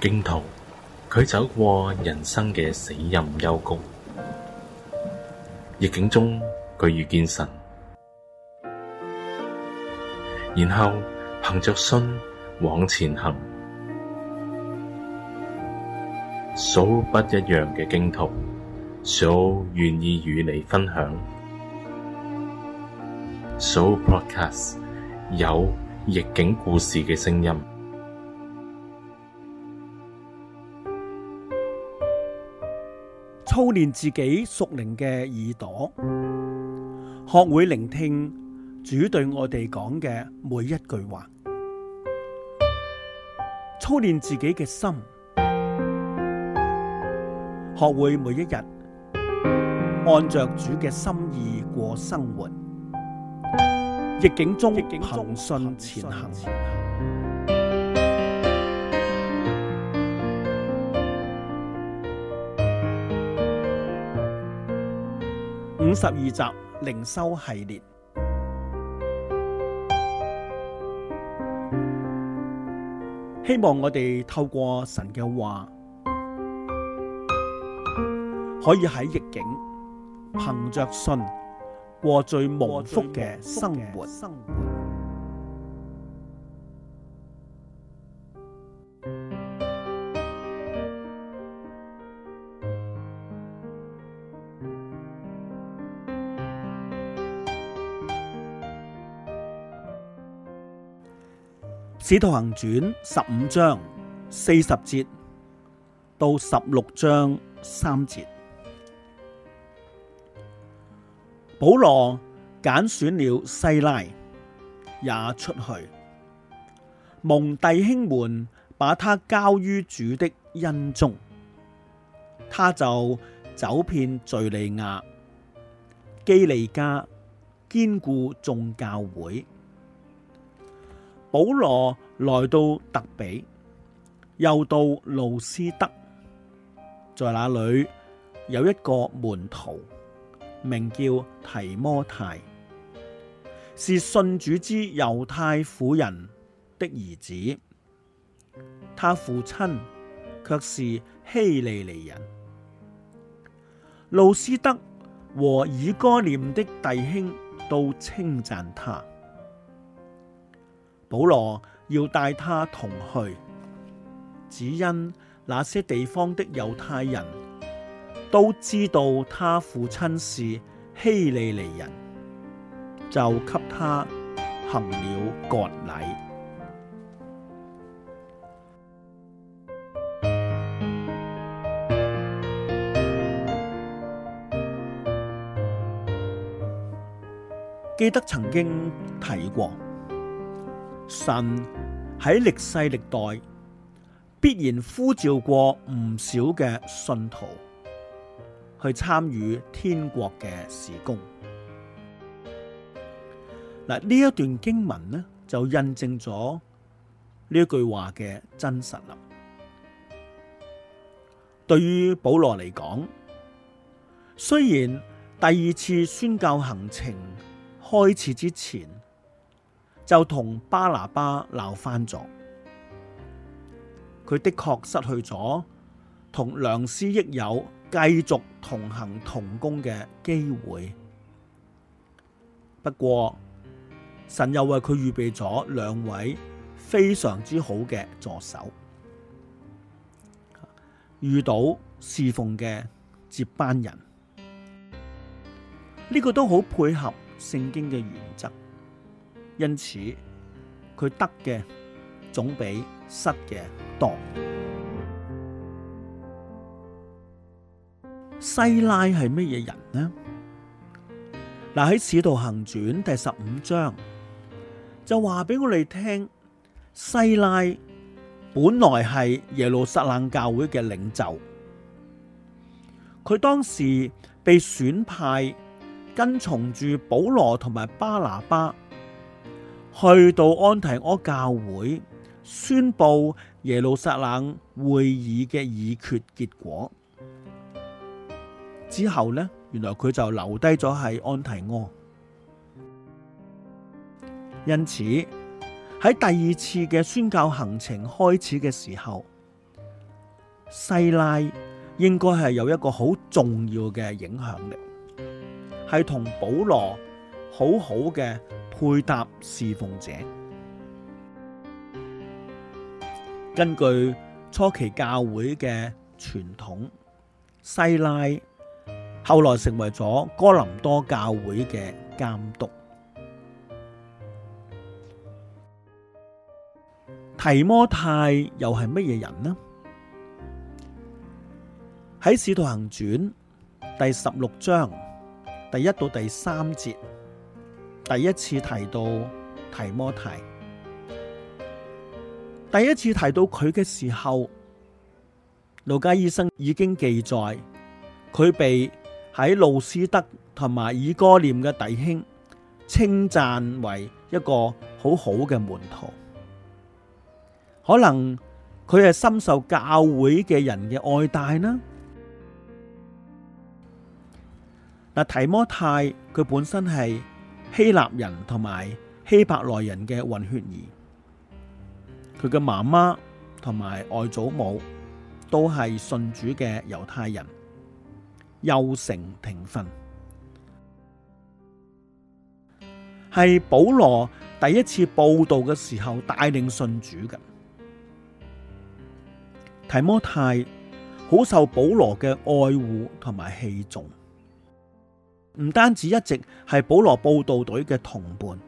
荊徒，佢走過人生的死蔭幽谷，逆境中，佢遇見神，然後，憑着信往前行。數不一樣嘅荊徒，數願意與你分享。數 Podcast，有逆境故事嘅聲音。操練自己熟靈嘅耳朵，學會聆聽主對我哋講嘅每一句話；操練自己嘅心，學會每一日按着主嘅心意過生活，逆境中憑信前行。五十二集靈修系列，希望我哋透過神嘅話，可以喺逆境，憑着信過最蒙福嘅生活。使徒行傳十五章四十節到十六章三節，保羅揀選了西拉，也出去，蒙弟兄們把他交於主的恩中，他就走遍敘利亞、基利家，堅固眾教會。保羅來到特比，又到路斯德，在那裏有一個門徒，名叫提摩太，是信主之猶太婦人的兒子，他父親却是希利尼人。路斯德和以哥念的弟兄都稱讚他。保羅要帶他同去，只因那些地方的猶太人都知道他父親是希利尼人，就給他行了割禮。記得曾經提過。神喺歷世歷代必然呼召過唔少嘅信徒去參與天國嘅事工。嗱，呢一段經文呢就印證咗呢一句話嘅真實啦。對於保羅嚟講，雖然第二次宣教行程開始之前，就同巴拿巴鬧翻咗，佢的確失去咗同良師益友繼續同行同工嘅機會。不過神又為佢預備咗兩位非常之好嘅助手，遇到侍奉嘅接班人，呢個都好配合聖經嘅原則。因此佢得嘅總比失嘅多。西拉係乜嘢人呢？嗱，喺《使徒行傳》第十五章就話俾我哋聽，西拉本來係耶路撒冷教會嘅領袖，佢當時被選派跟從住保羅同埋巴拿巴。去到安提阿教會宣布耶路撒冷會議嘅議決結果之後呢，原來佢就留低咗喺安提阿。因此喺第二次嘅宣教行程開始嘅時候，西拉應該係有一個好重要嘅影響力，係同保羅。好好嘅配搭侍奉者，根據初期教會嘅傳統，西拉後來成為咗哥林多教會嘅監督。提摩太又係乜嘢人呢？喺《使徒行傳》第十六章第一到第三節。第一次提到提摩太，第一次提到佢嘅時候，路加醫生已經記載佢被喺路斯德同埋以哥念嘅弟兄稱讚為一個好好嘅門徒，可能佢係深受教會嘅人嘅愛戴啦。提摩太佢本身係。希臘人同埋希伯來人嘅混血兒，佢嘅媽媽同埋外祖母都係信主嘅猶太人，幼承庭訓，係保羅第一次布道嘅時候帶領信主嘅提摩太，好受保羅嘅愛護同埋器重。唔單止一直係保羅佈道隊嘅同伴。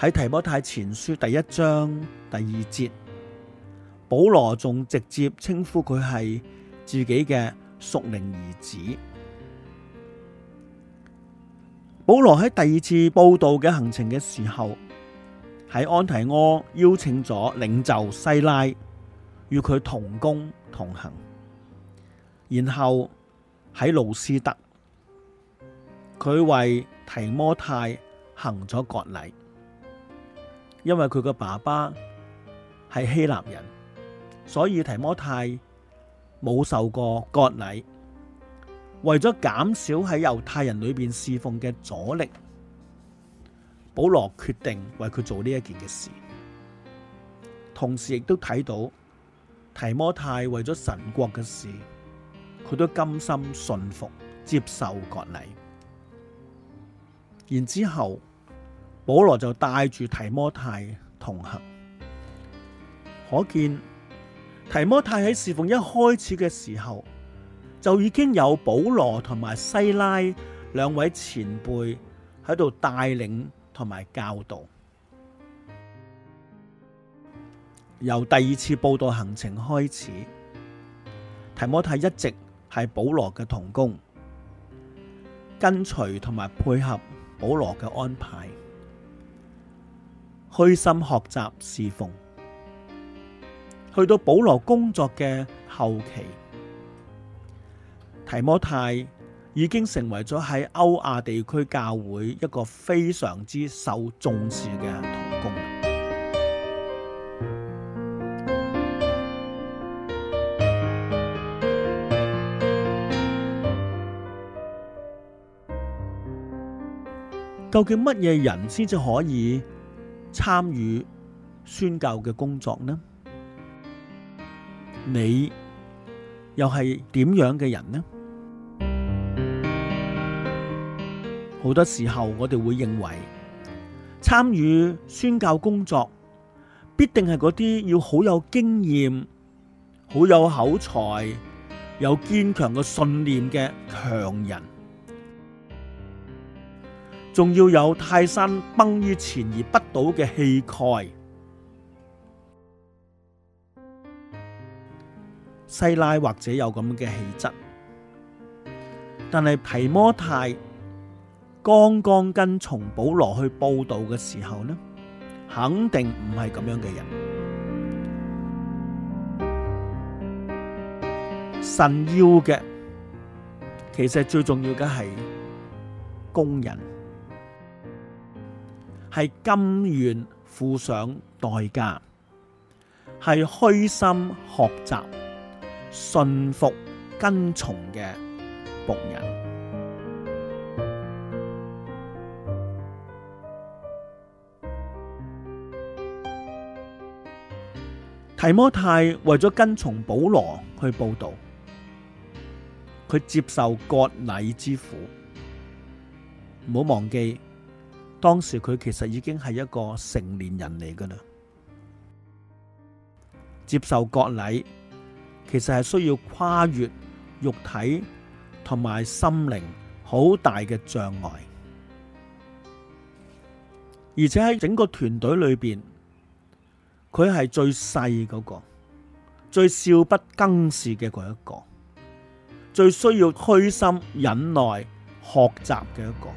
喺提摩太前書第一章第二節，保羅仲直接稱呼佢係自己嘅屬靈兒子。保羅喺第二次佈道嘅行程嘅時候，喺安提阿邀請咗領袖西拉，與佢同工同行，然後喺路司得，佢為提摩太行咗割禮，因為佢個爸爸係希臘人，所以提摩太冇受過割禮。為咗減少喺猶太人裏邊侍奉嘅阻力，保羅決定為佢做呢一件嘅事。同時亦都睇到提摩太為咗神國嘅事，佢都甘心信服接受割禮。然之後，保羅就帶住提摩太同行，可見提摩太喺侍奉一開始嘅時候，就已經有保羅同埋西拉兩位前輩喺度帶領同埋教導。由第二次佈道行程開始，提摩太一直係保羅嘅同工，跟隨同埋配合保羅嘅安排，虛心學習侍奉，去到保羅工作嘅後期，提摩太已經成為咗喺歐亞地區教會一個非常之受重視嘅。究竟乜嘢人先至可以參與宣教嘅工作呢？你又係點樣嘅人呢？好多時候我哋會認為參與宣教工作必定係嗰啲要好有經驗、好有口才、有堅強嘅信念嘅強人。仲要有泰山崩於前而不倒嘅氣概，西拉或者有咁嘅氣質，但係提摩太剛剛跟從保羅去佈道嘅時候呢，肯定唔係咁樣嘅人。神要嘅，其實最重要嘅係工人。係甘願付上代價，係虛心學習、信服、跟從嘅僕人。提摩太為咗跟從保羅去布道，佢接受割禮之苦，唔好忘記。當時佢其實已經係一個成年人嚟㗎喇，接受割禮其實係需要跨越肉體同埋心靈好大嘅障礙，而且喺整個團隊裏邊，佢係最細嗰個，最少不更事嘅嗰一個，最需要虛心忍耐學習嘅一個。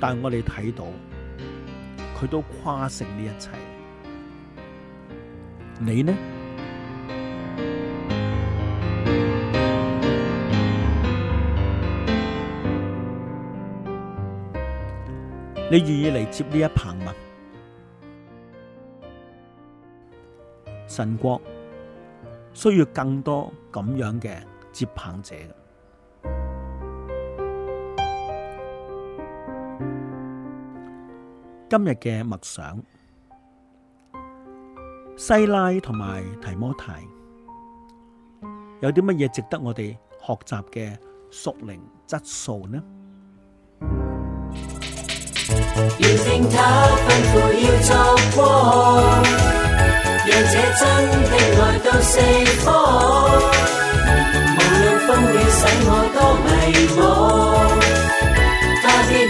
但我哋睇到，佢都跨成呢一切。你呢？你願意嚟接呢一棒嗎？神國需要更多咁樣嘅接棒者。今日嘅默想，西拉同埋提摩太，有啲乜嘢值得我哋學習嘅屬靈質素呢？願聖塔吩咐要作光，讓這真嘅愛到四方，無論風雨使我多迷惘。